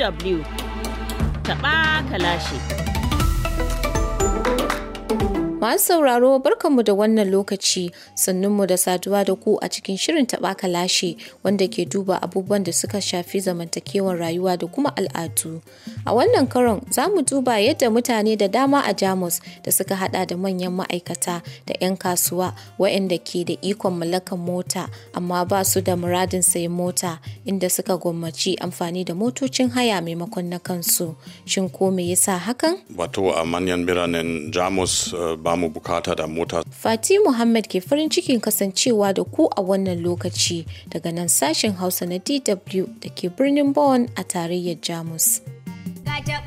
DW taɓa kalashe. Masu sauraro barkanmu da wannan lokaci sannunmu da saduwa da ku a cikin shirin taɓa lashe wanda ke duba abubuwan da suka shafi zamantakewar rayuwa da kuma al'adu. A wannan karon za mu duba yadda mutane da dama a Jamus da suka hada da manyan ma'aikata da 'yan kasuwa waɗanda ke da ikon mallakan mota amma ba su da muradin sayan mota inda suka gwammaci amfani da motocin haya maimakon na kansu. Shin ko me yasa hakan? Wato a manyan biranen Jamus eh, ba mu bukata da mota. Fati Muhammad ke farin cikin kasancewa da ku a wannan lokaci daga nan sashen Hausa na DW da ke birnin Bonn a tarayyar Jamus. Ga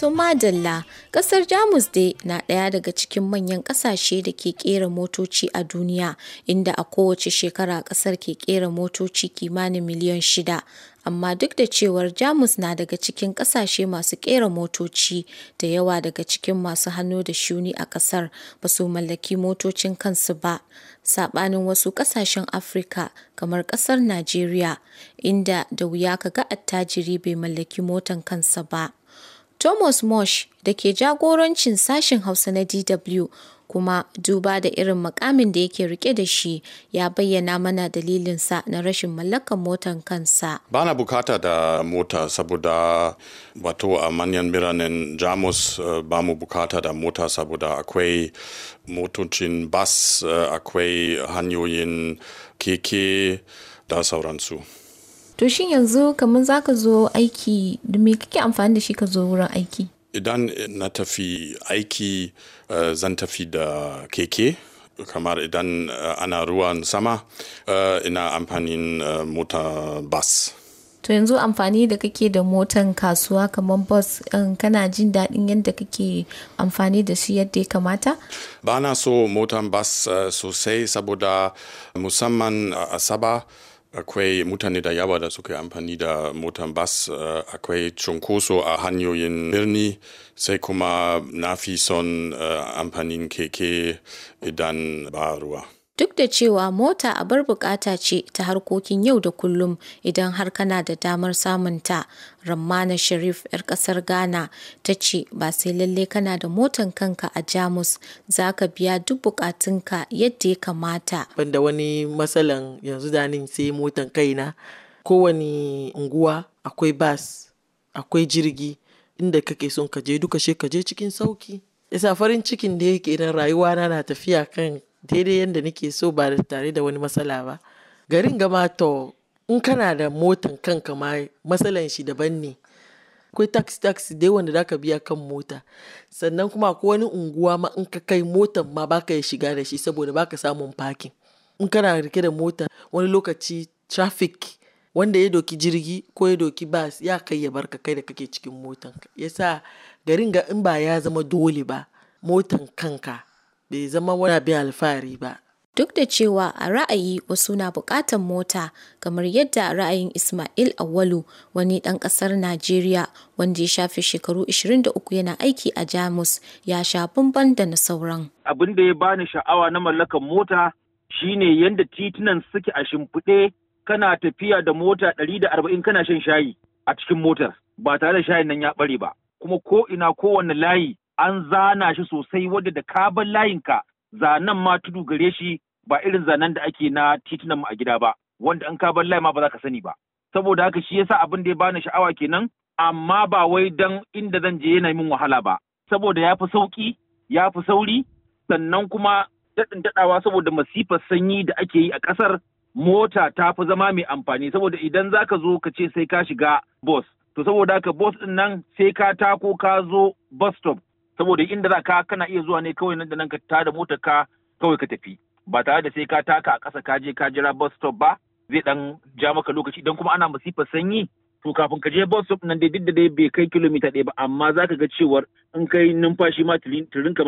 To madalla, ƙasar Jamus dai na ɗaya daga cikin manyan ƙasashe da ke ƙera motoci a duniya, inda a kowace shekara ƙasar ke ƙera motoci kimanin miliyan shida. Amma duk da cewar Jamus na daga cikin ƙasashe masu ƙera motoci da yawa daga cikin masu hannu da shuni a ƙasar ba su mallaki motocin kansu ba, saɓanin wasu ƙasashen Afirka kamar ƙasar Najeriya, inda da wuya ka ga attajiri bai mallaki motan kansa ba. Thomas Mosh da ke jagorancin sashen Hausa na DW kuma duba da irin makamin da yake rike da shi ya bayyana mana dalilinsa na rashin mallakan motan kansa. bana bukata da mota saboda wato a manyan biranen Jamus eh, ba mu bukata da mota saboda akwai motocin bas eh, akwai hanyoyin keke da sauransu. to shin yanzu kamar za ka zo aiki da me kake amfani da shi ka zo wurin aiki idan na tafi aiki eh, zan tafi da keke kamar idan eh, ana ruwan sama eh, ina amfanin mota bus to yanzu amfani da kake da motan kasuwa kamar bus kana jin daɗin yadda kake amfani da shi yadda ya kamata ba na so motan bas sosai saboda musamman asaba. akwai mutane da yawa da suke amfani da motan bas uh, eh, akwai cunkoso a hanyoyin birni sai kuma na fi son uh, amfanin keke idan ba ruwa. Duk da cewa mota abar bukata ce ta harkokin yau da kullum idan har kana da damar samunta, Rammana Sharif 'yar kasar Ghana ta ce ba sai lalle kana da motan kanka a Jamus za ka biya duk bukatunka yadda ya kamata. Banda wani matsalan yanzu da sai motan kaina kowane unguwa akwai bas akwai jirgi inda kake son ka je duka she cikin sauki. Isa farin cikin da yake nan rayuwa na na tafiya kan daidai yadda nake so ba tare da wani matsala ba garin gama to in kana da motan kanka ma matsalan shi daban ne akwai taxi taxi dai wanda zaka biya kan mota sannan kuma ko wani unguwa ma in ka kai motan ma baka ya shiga da shi saboda baka samun parking in kana rike da mota wani lokaci traffic wanda ya doki jirgi ko ya doki bas ya kai ya barka kai da kake cikin motan yasa garin ga in ba ya zama dole ba motan kanka bai zama wani abin alfahari ba. Duk da cewa a ra'ayi wasu na buƙatar mota kamar yadda ra'ayin Ismail Awalu wani ɗan ƙasar Najeriya wanda ya shafi shekaru 23 yana aiki a Jamus ya sha bamban da na sauran. Abin da ya bani sha'awa na mallakar mota shine yadda titunan suke a shimfiɗe kana tafiya da mota 140 kana shan shayi a cikin motar ba tare da shayin nan ya ɓare ba. Kuma ko ina kowane layi an zana shi sosai wadda da kaban layinka zanen ma tudu gare shi ba irin zanen da ake na titunan mu a gida ba wanda an kaban layi ma ba za ka sani ba saboda haka shi yasa abin da ya bani sha'awa kenan amma ba wai dan inda zan je yana min wahala ba saboda ya fi sauki ya fi sauri sannan kuma daɗin daɗawa saboda masifar sanyi da ake yi a ƙasar mota ta fi zama mai amfani saboda idan za ka zo ka ce sai ka shiga bus to saboda haka bus ɗin nan sai ka tako ka zo bus stop saboda inda za ka kana iya zuwa ne kawai nan da nan ka tada motar ka kawai ka tafi ba tare da sai ka taka a ƙasa ka je ka jira bus stop ba zai dan ja maka lokaci idan kuma ana masifa sanyi to kafin ka je bus stop nan dai duk da dai bai kai kilomita ɗaya ba amma za ka ga cewar in kai numfashi ma ka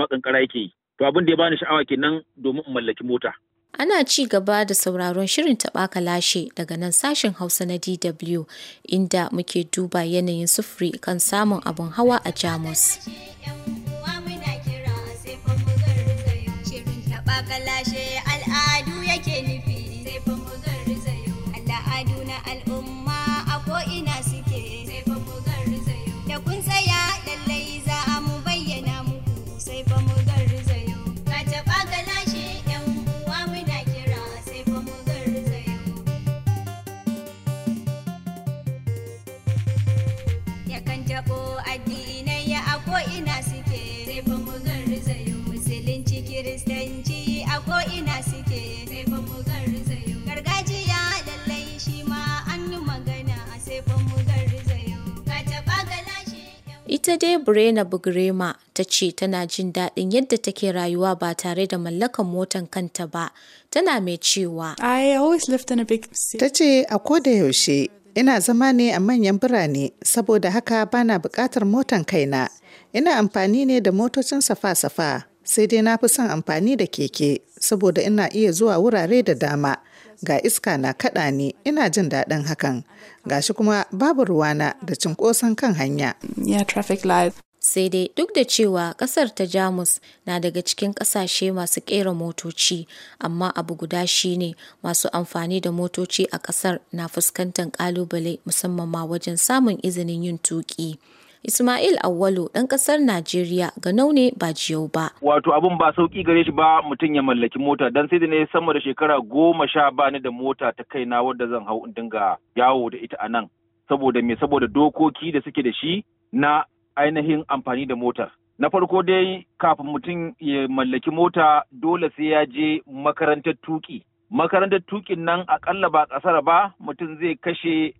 ma kankara yake yi to abin da ya bani sha'awa kenan domin in mallaki mota Ana ci gaba da sauraron shirin taɓaka lashe daga nan sashen Hausa na DW inda muke duba yanayin sufuri kan samun abin hawa a Jamus. Ita dai Brenna Bugrema ta ce tana jin daɗin yadda take rayuwa ba tare da mallakan motan kanta ba, tana mai cewa. Ta ce a yaushe ina zama ne a manyan birane saboda haka bana buƙatar motan kaina. Ina amfani ne da motocin safa-safa. sai dai na fi son amfani da keke saboda ina iya zuwa wurare da dama ga iska na kaɗa ne ina jin daɗin hakan shi kuma babu ruwana da cinkoson kan hanya. sai dai duk da cewa kasar ta jamus na daga cikin kasashe masu kera motoci amma abu guda shine masu amfani da motoci a kasar na fuskantar kalubale musamman ma wajen samun izinin yin tuki. Ismail Awwalu ɗan ƙasar Najeriya ga naune ba jiyau ba. Wato abun ba sauki gare shi ba mutum ya mallaki mota dan sai da ne sama da shekara goma sha ba ni da mota ta kaina wadda zan hau in dinga yawo da ita a nan. Saboda me saboda dokoki da suke da shi na ainihin amfani da motar. Na farko dai kafin mutum ya mallaki mota dole sai ya je makarantar tuki. Makarantar tukin nan akalla ba ƙasara ba mutum zai kashe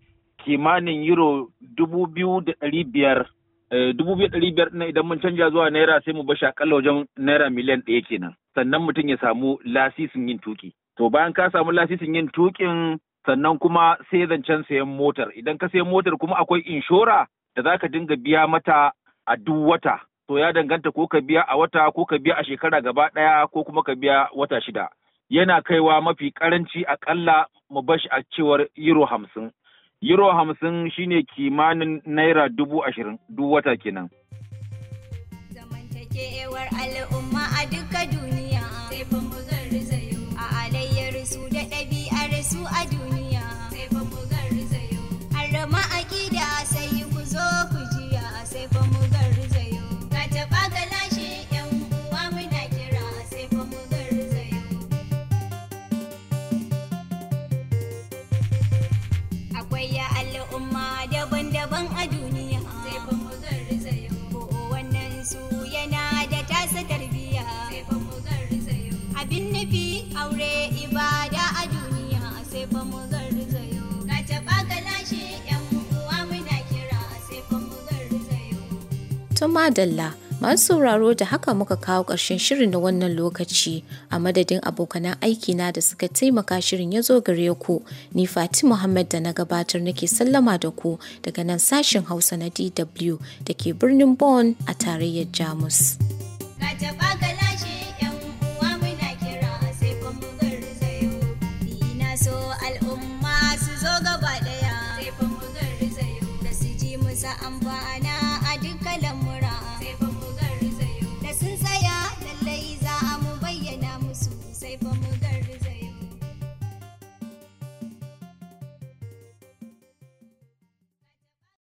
kimanin euro dubu biyu da ɗari biyar eh, dubu biyu ɗari biyar na idan mun canja zuwa naira sai mu bashi akalla wajen naira miliyan ɗaya kenan sannan mutum ya samu lasisin yin tuki to bayan ka samu lasisin yin tukin sannan kuma sai zancen sayan motar idan ka sayan motar kuma akwai inshora da za ka dinga biya mata a duk wata to ya danganta ko ka biya a wata ko ka biya a shekara gaba ɗaya ko kuma ka biya wata shida yana kaiwa mafi karanci akalla mu bashi a cewar euro hamsin Euro hamsin shine kimanin naira dubu ashirin duk wata kenan. Zamantakewar al'umma a duka duniya. To madalla masu sauraro da haka muka kawo ƙarshen shirin na wannan lokaci a madadin abokanan aikina da suka taimaka shirin ya zo gare ku ni Fati Muhammad da na gabatar nake sallama da ku daga nan sashen Hausa na DW da ke birnin Bonn a tarayyar Jamus. al'umma su zo